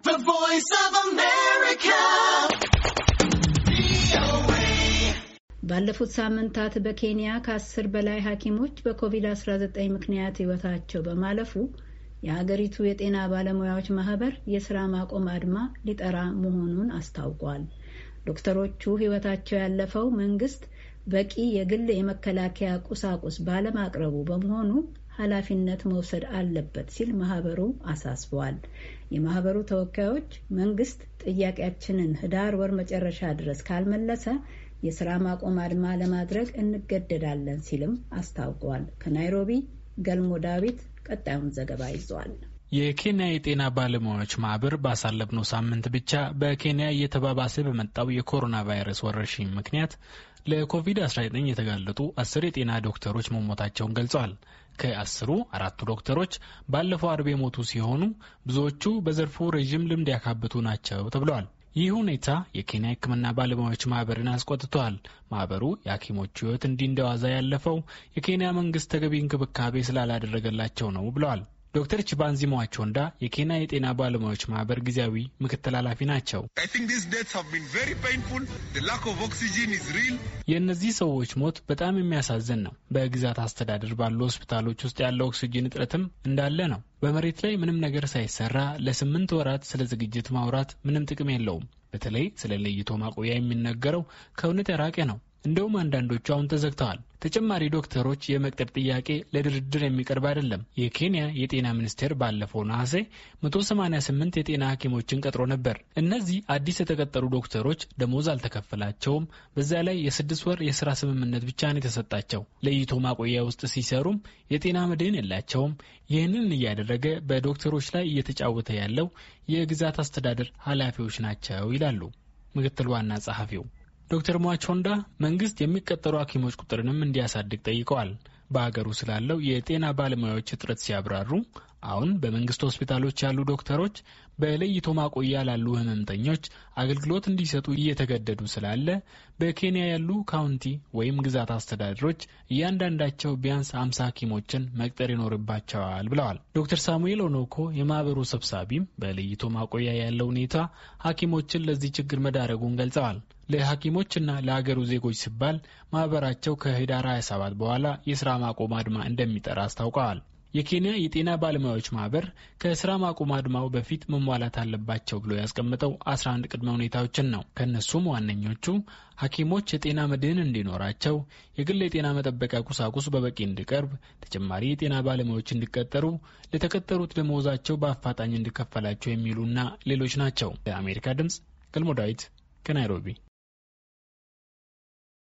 The Voice of America. ባለፉት ሳምንታት በኬንያ ከአስር በላይ ሐኪሞች በኮቪድ-19 ምክንያት ሕይወታቸው በማለፉ የሀገሪቱ የጤና ባለሙያዎች ማህበር የስራ ማቆም አድማ ሊጠራ መሆኑን አስታውቋል። ዶክተሮቹ ሕይወታቸው ያለፈው መንግስት በቂ የግል የመከላከያ ቁሳቁስ ባለማቅረቡ በመሆኑ ኃላፊነት መውሰድ አለበት ሲል ማህበሩ አሳስቧል። የማህበሩ ተወካዮች መንግስት ጥያቄያችንን ህዳር ወር መጨረሻ ድረስ ካልመለሰ የስራ ማቆም አድማ ለማድረግ እንገደዳለን ሲልም አስታውቋል። ከናይሮቢ ገልሞ ዳዊት ቀጣዩን ዘገባ ይዟል። የኬንያ የጤና ባለሙያዎች ማህበር ባሳለፍነው ሳምንት ብቻ በኬንያ እየተባባሰ በመጣው የኮሮና ቫይረስ ወረርሽኝ ምክንያት ለኮቪድ-19 የተጋለጡ አስር የጤና ዶክተሮች መሞታቸውን ገልጸዋል። ከአስሩ አራቱ ዶክተሮች ባለፈው አርብ የሞቱ ሲሆኑ ብዙዎቹ በዘርፉ ረዥም ልምድ ያካበቱ ናቸው ተብለዋል። ይህ ሁኔታ የኬንያ ሕክምና ባለሙያዎች ማህበርን አስቆጥተዋል። ማህበሩ የሐኪሞቹ ሕይወት እንዲህ እንደዋዛ ያለፈው የኬንያ መንግስት ተገቢ እንክብካቤ ስላላደረገላቸው ነው ብለዋል። ዶክተር ቺባንዚ ሟቾ እንዳ የኬንያ የጤና ባለሙያዎች ማህበር ጊዜያዊ ምክትል ኃላፊ ናቸው። የእነዚህ ሰዎች ሞት በጣም የሚያሳዝን ነው። በግዛት አስተዳደር ባሉ ሆስፒታሎች ውስጥ ያለው ኦክሲጂን እጥረትም እንዳለ ነው። በመሬት ላይ ምንም ነገር ሳይሰራ ለስምንት ወራት ስለ ዝግጅት ማውራት ምንም ጥቅም የለውም። በተለይ ስለ ለይቶ ማቆያ የሚነገረው ከእውነት የራቀ ነው። እንደውም አንዳንዶቹ አሁን ተዘግተዋል። ተጨማሪ ዶክተሮች የመቅጠር ጥያቄ ለድርድር የሚቀርብ አይደለም። የኬንያ የጤና ሚኒስቴር ባለፈው ነሐሴ 188 የጤና ሐኪሞችን ቀጥሮ ነበር። እነዚህ አዲስ የተቀጠሩ ዶክተሮች ደሞዝ አልተከፈላቸውም። በዛ ላይ የስድስት ወር የስራ ስምምነት ብቻ ነው የተሰጣቸው። ለይቶ ማቆያ ውስጥ ሲሰሩም የጤና መድህን የላቸውም። ይህንን እያደረገ በዶክተሮች ላይ እየተጫወተ ያለው የግዛት አስተዳደር ኃላፊዎች ናቸው ይላሉ ምክትል ዋና ጸሐፊው። ዶክተር ሟቾንዳ መንግስት የሚቀጠሩ ሐኪሞች ቁጥርንም እንዲያሳድግ ጠይቀዋል። በሀገሩ ስላለው የጤና ባለሙያዎች እጥረት ሲያብራሩ አሁን በመንግስት ሆስፒታሎች ያሉ ዶክተሮች በለይቶ ማቆያ ላሉ ህመምተኞች አገልግሎት እንዲሰጡ እየተገደዱ ስላለ በኬንያ ያሉ ካውንቲ ወይም ግዛት አስተዳደሮች እያንዳንዳቸው ቢያንስ አምሳ ሐኪሞችን መቅጠር ይኖርባቸዋል ብለዋል። ዶክተር ሳሙኤል ኦኖኮ የማህበሩ ሰብሳቢም በለይቶ ማቆያ ያለው ሁኔታ ሐኪሞችን ለዚህ ችግር መዳረጉን ገልጸዋል። ለሐኪሞችና ለሀገሩ ዜጎች ሲባል ማህበራቸው ከህዳር 27 በኋላ የስራ ማቆም አድማ እንደሚጠራ አስታውቀዋል። የኬንያ የጤና ባለሙያዎች ማህበር ከስራ ማቆም አድማው በፊት መሟላት አለባቸው ብሎ ያስቀምጠው 11 ቅድመ ሁኔታዎችን ነው። ከእነሱም ዋነኞቹ ሐኪሞች የጤና መድህን እንዲኖራቸው፣ የግል የጤና መጠበቂያ ቁሳቁስ በበቂ እንዲቀርብ፣ ተጨማሪ የጤና ባለሙያዎች እንዲቀጠሩ፣ ለተቀጠሩት ደመወዛቸው በአፋጣኝ እንዲከፈላቸው የሚሉና ሌሎች ናቸው። ለአሜሪካ ድምጽ ገልሞ ዳዊት ከናይሮቢ